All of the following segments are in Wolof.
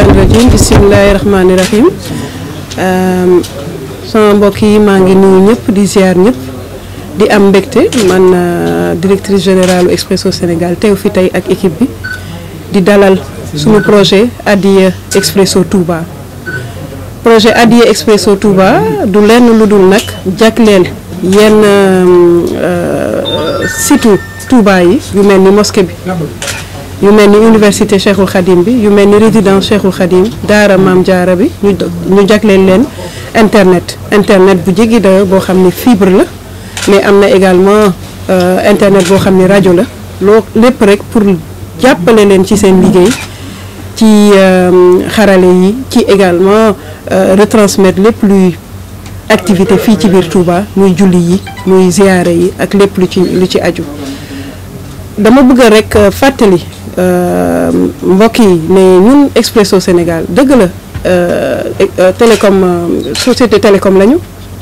rajim bisimilahi rahmaani rahim euh, sama mbokk yi maa ngi nuyu ñëpp di ziar ñëpp di am mbégte man euh, directrice générale Expresso Sénégal teew fi tey ak équipe bi di dalal suñu projet Adiya Expresso Touba projet Adiya Expresso Touba du lenn lu dul nag leen yenn euh, surtout Touba yi yu mel ni bi yu mel ni université Cheikhul Khadim bi yu mel ni résidence Cheikhul Khadim daara Maam Jaara bi ñu ñu jagleel leen internet internet bu jege da boo xam ne fibre la mais am na également euh, internet boo xam ni rajo la loo lépp rek pour jàppale leen ci seen liggéey ci euh, xarale yi ci également euh, retransmettre lépp luy activité fii ci biir Touba muy julli yi muy ziyaare yi ak lépp lu ci lu ci aju dama bëgg rek euh, fàttali euh, mbokk yi ne ñun Expresso Sénégal dëgg la euh, e-, télécom société télécom lañu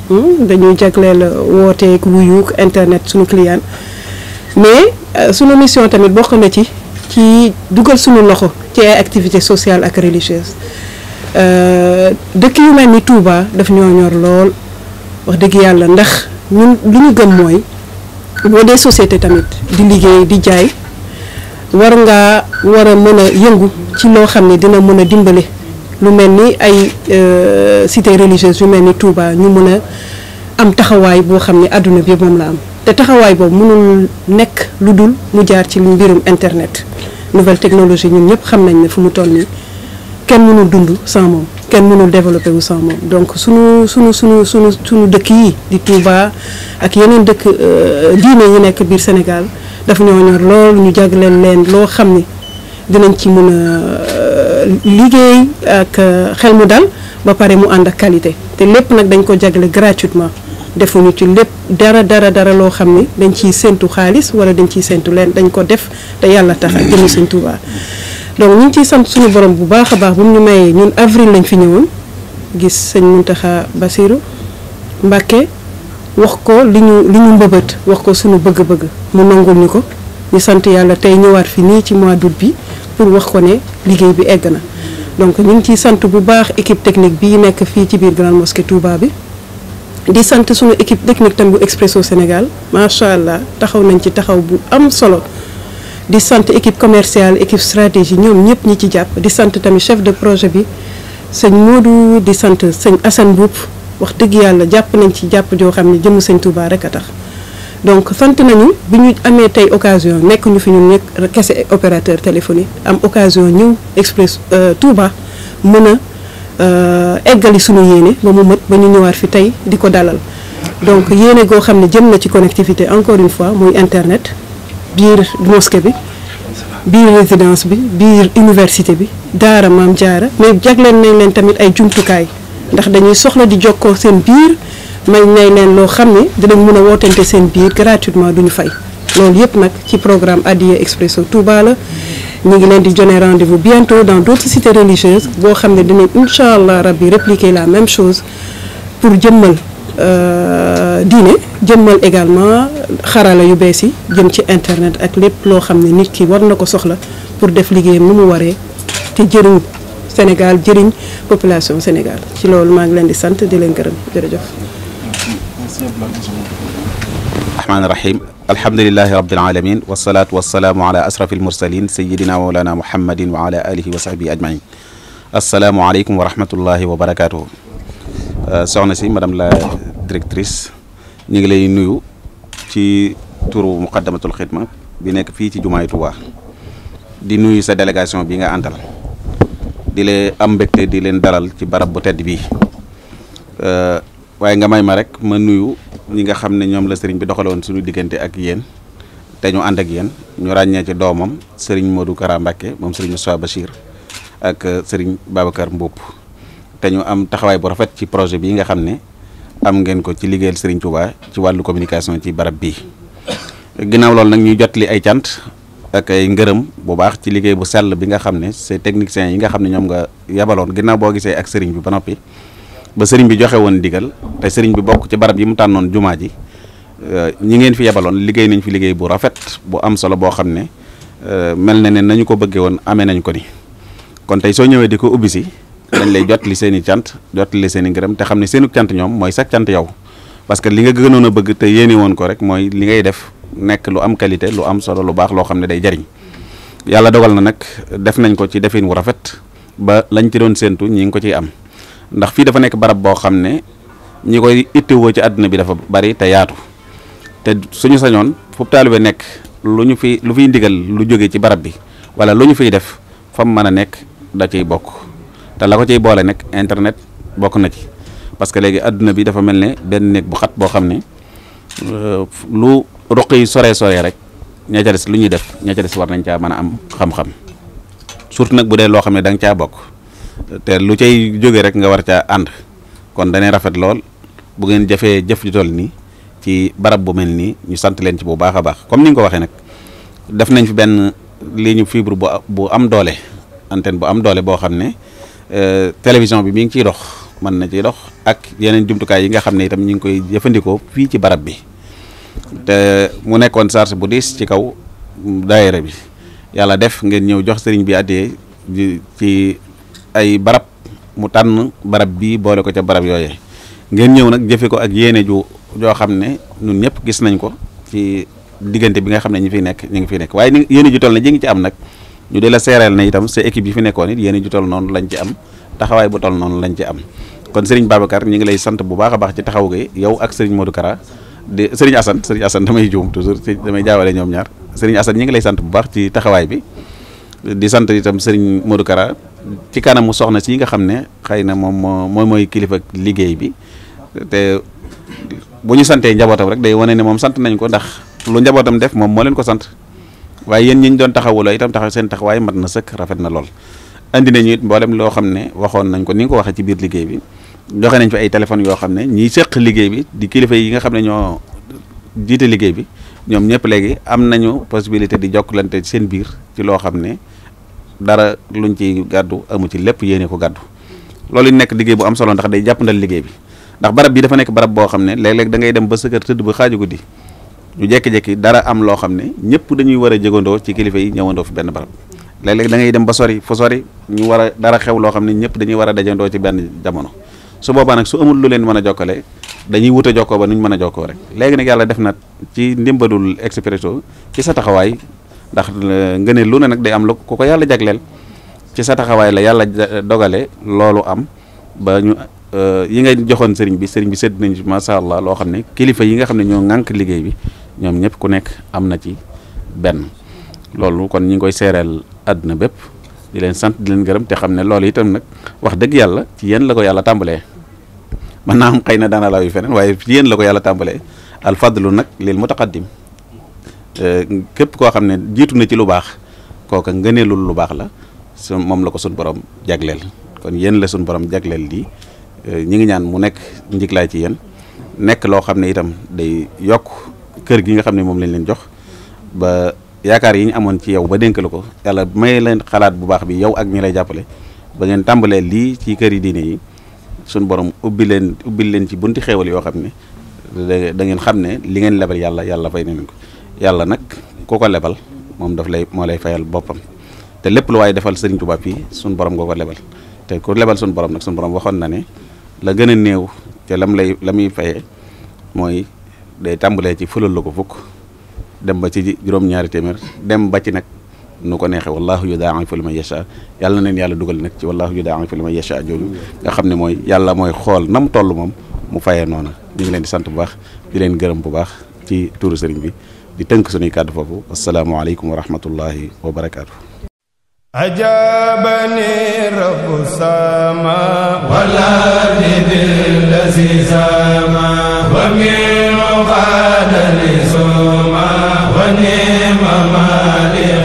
hmm, dañuy jagleel wooteek wuyuuk internet suñu client mais suñu mission tamit bokk na ci ci dugal suñu loxo ci ay activité sociale ak religieuse dëkk yu mel ni Touba daf ñoo ñor lool wax dëgg yàlla ndax ñun lu ñu gëm mooy boo dee société tamit di liggéey di jaay war nga war a mën a yëngu ci loo xam ne dina mën a dimbale lu mel ni ay euh, cité religieuse yu mel ni tuubaa ñu mën a am taxawaay boo xam ni àdduna bi moom la am te taxawaay boobu mënul nekk lu dul mu jaar ci mbirum internet nouvelle technologie ñun ñëpp xam nañ ne fu mu toll nii kenn mënul dund sans moom. kenn mënul développé wu sans moom donc sunu sunu sunu sunu sunu dëkk yi di Touba ak yeneen dëkk euh, diine yi nekk biir Sénégal dafa ñoo ñor lool ñu jagleel leen loo xam ni dinañ ci mën a euh, liggéey ak euh, xel mu dal ba pare mu ànd ak qualité te lépp nag dañ ko jagle gratuitement defuñu ci lépp dara dara dara loo xam ni dañ ciy séntu xaalis wala dañ ciy séntu leen dañ ko def te yàlla tax ak jëmi Sëñ Touba donc ñu ngi ciy sant suñu borom bu baax a baax bu ñu mayee ñun avril lañ fi ñëwoon gis sëñ Muntaxa Basiru Mbàkke wax ko li ñu li ñu mbëbët wax ko suñu bëgg-bëgg mu nangul ñu ko ñu sant yàlla tey ñëwaat fi nii ci mois d'août bi pour wax ko ne liggéey bi egg na donc ñu ngi ciy sant bu baax équipe technique bi nekk fii ci biir Grande Mosquée Touba bi di sant suñu équipe technique tam bu Expresso Sénégal macha allah taxaw nañ ci taxaw bu am solo di sant équipe commerciale équipe stratégie ñoom ñëpp ñi ci jàpp di sant tamit chef de projet bi sëñ du di sant sëñ Assane Boub wax dëgg yàlla jàpp nañ ci jàpp joo xam ne jëmu sëñ Touba rek a tax donc sant nañu bi ñu amee tey occasion nekk ñu ñun nekk kese opérateur téléphonique am occasion ñëw express euh, Touba mën a euh, eggali suñu yéene ba mu mët ba ñu ñëwaat fi tey di ko dalal donc yéene goo xam ne jëm na ci connectivité encore une fois mooy internet biir mosquée bi biir résidence bi biir université bi daara maam jaara mais jagleen nañ leen tamit ay jumtukaay ndax dañuy soxla di jokkoo seen biir may nay leen loo xam ne dinañ mën a wootante seen biir gratuitement duñu fay loolu yëpp nag ci programme Adiya Expresso Touba la ñu ngi leen di donner rendez-vous bientôt dans d'autres cités religieuses boo xam ne dinañ incha allah rabbi répliquer la même chose pour jëmmal euh, diine jëmmal également xarala yu bees yi jëm ci internet ak lépp loo xam ne nit ki war na ko soxla pour def liggéeyam nu mu waree te jëriñ Sénégal jëriñ population Sénégal ci loolu maa ngi leen di sant di leen gërëm jërëjëf. rahmaani rahim alhamdulilahi rabil alamin wasalaatu wasalaamu ala asrafi almursalin sayidina mawlana muhammadin wa ala alihi wa sahbihi ajmain asalaamualeykum wa rahmatullahi wa barakatuhu euh, soxna ñu ngi lay nuyu ci turu muqaddamatul xidma bi nekk fii ci jumaay Tuubaa di nuyu sa délégation bi nga àndal di leen am mbégte di leen dalal ci barab bu tedd bii waaye nga may ma rek ma nuyu ñi nga xam ne ñoom la sëriñ bi doxaloon suñu diggante ak yéen te ànd ak yéen ñu ràññee ci doomam sëriñ Modou Kara moom sëriñ Moussa Bachir ak sëriñ Babacar Mboup te ñu am taxawaay bu rafet ci projet bii nga xam ne am ngeen ko ci liggéeyal Serigne Touba ci wàllu communication ci barab bii ginnaaw loolu nag ñuy jotli ay cant ak ay ngërëm bu baax ci liggéey bu sell bi nga xam ne ces techniciens yi nga xam ne ñoom nga yebaloon ginnaaw boo gisee ak Serigne bi ba noppi ba sëriñ bi joxe woon digal te Serigne bi bokk ci barab yi mu tànnoon jumaa ji euh, ñi ngeen fi yabaloon liggéey nañ fi liggéey bu rafet bu am solo boo xam ne euh, mel na ne nañu ko bëggee woon amee nañ ko ni kon soo ñëwee di ko ubbi dañ lay jot li seen i cant jot li seen i te xam ne seenu cant ñoom mooy sa cant yow parce que li nga gënoon a bëgg te yéene woon ko rek mooy li ngay def nekk lu am qualité lu am solo lu baax loo xam ne day jariñ yàlla dogal na nag def nañ ko ci defin wu rafet ba lañ ci doon séentu ñi ngi ko ciy am ndax fii dafa nekk barab boo xam ne ñi koy ittewoo ci àdduna bi dafa bari te yaatu te suñu sañoon fu taalibe nekk lu ñu fi lu fiy ndigal lu jóge ci barab bi wala lu ñu fiy def fam mën a nekk da ciy bokk te la ko ciy boole nag internet bokk na ci parce que léegi àdduna bi dafa mel ne benn néeg bu xat boo xam ne euh, lu ruq yi sore soree rek ña ca des lu ñuy def ña ca des war nañ caa mën a am xam-xam nag bu dee loo xam ne da caa bokk te lu cay jóge rek nga war caa ànd kon danay rafet lool bu ngeen jëfee jëf ju toll nii ci barab bu mel nii ñu sant leen ci bu baax a baax comme ni nga ko waxee nag def nañ fi benn lii ñu fibre bu bu am doole antenne bu am doole boo xam ne. Euh, télévision bi mi ngi ciy dox mën na ciy dox ak yeneen jumtukaay yi nga xam ne itam ñu ngi koy jëfandikoo fii ci barab bi te mu nekkoon charge bu diis ci kaw daayira bi yàlla def ngeen ñëw jox sëriñ bi addee ci ay barab mu tànn barab bii boole ko ca barab yooyee ngeen ñëw nag jëfe ko ak yenee ju joo xam ne ñun ñëpp gis nañ ko ci diggante bi nga xam ne ñu fi nekk ñu ngi fi nekk waaye yéene ju toll na ji ngi ci am nag ñu di la seereel na itam sa équipe yi fi nekkoon it yéen ju tol noonu lañ ci am taxawaay bu tol noonu lañ ci am kon Serigne Babacar ñu ngi lay sant bu baax a baax ci taxaw gi yow ak Serigne Modou Kara di Serigne Assane Serigne Assane damay juum toujours damay jaawale ñoom ñaar Serigne Assane ñu ngi lay sant bu baax ci taxawaay bi di sant itam sëriñ Modou Kara ci kanamu soxna si nga xam ne xëy na moom moo mooy kilifa liggéey bi te bu ñu santee njabootam rek day wane ne moom sant nañ ko ndax lu njabootam def moom moo leen ko sant waaye yéen ñi ñu doon taxawuloo itam taxaw seen taxawaay mat na sëkk rafet na lool indi nañu it mboolem loo xam ne waxoon nañ ko ni nga ko waxee ci biir liggéey bi joxe nañ fi ay téléphones yoo xam ne ñiy seq liggéey bi di kilifa yi nga xam ne ñoo jiite liggéey bi ñoom ñëpp léegi am nañu possibilité di jokkalante ci seen biir ci loo xam ne dara luñ ci gàddu amu ci lépp yéene ko gàddu loolu nekk liggéey bu am solo ndax day jàppandal liggéey bi ndax barab bi dafa nekk barab boo xam ne léeg da ngay ba sa kër tëdd ba xaaju guddi ñu jékki-jékki dara am loo xam ne ñëpp dañuy war a jëgandoo ci kilifa yi ñëwandoo fi benn barab léeg-léeg da ngay dem ba sori fu sori ñu war dara xew loo xam ne ñëpp dañuy war a dajandoo ci benn jamono su boobaa nag su amul lu leen mën a jokkale dañuy wut a jokkoo ba nu ñu mën a jokkoo rek léegi nag yàlla def na ci ndimbalul Expresso ci sa taxawaay ndax euh, nga ne lu ne nag day am lu ku ko yàlla jagleel ci sa taxawaay la yàlla dogale loolu am ba ñu yi nga joxoon sëriñ bi sëriñ bi sedd nañ ci macha allah loo xam ne kilifa yi nga xam ne ñoo ŋànk liggéey bi ñoom ñëpp ku nekk am na ci benn loolu kon ñi ngi koy seereel àdduna bépp di leen sant di leen gërëm te xam ne loolu itam nag wax dëgg yàlla ci yéen la ko yàlla tàmbalee mën naa am xëy na daana laaw yu feneen waaye ci yéen la ko yàlla tàmbalee alfadlu nag lil mutaqaddim képp koo xam ne jiitu na ci lu baax kooka ngëneelul lu baax la su moom la ko suñ borom jagleel kon yéen la suñ borom jagleel di Euh, ñi ngi ñaan mu nekk njiglaay ci yéen nekk loo xam ne itam day yokk kër gi nga xam ne moom lañ leen jox ba yaakaar yi ñu amoon ci yow ba dénk ko yàlla may leen xalaat bu baax bi yow ak ñi lay jàppale ba ngeen tàmbalee lii ci kër yi diine yi suñ borom ubbi leen ubbi leen ci bunti xéewal yoo xam ne ngeen xam ne li ngeen lebal yàlla yàlla fay na ko yàlla nag ku ko lebal moom daf lay moo lay fayal boppam te lépp lu waaye defal Sëriñ tubaab yi suñ borom nga ko lebal te ku lebal suñ borom nag suñ borom waxoon na ne la gën a néew te lam lay la muy fayee mooy day tàmbalee ci fulal la ko fukk dem ba ci juróom-ñaari téeméer dem ba ci nag nu ko neexee wallahu yudaa'ifu liman yasha yàlla na leen yàlla dugal nag ci wallahu yudaa'ifu liman yasha jooju nga xam ne mooy yàlla mooy xool nam toll moom mu fayee noona ñu leen di sant bu baax di leen gërëm bu baax ci tuuru sëriñ bi di tënk suñuy kàddu foofu asalaamaaleykum wa rahmatullahi wa barakaatu. أجابني رب السماء والأرض بالذي سما ومن قال لسما ونعم مالي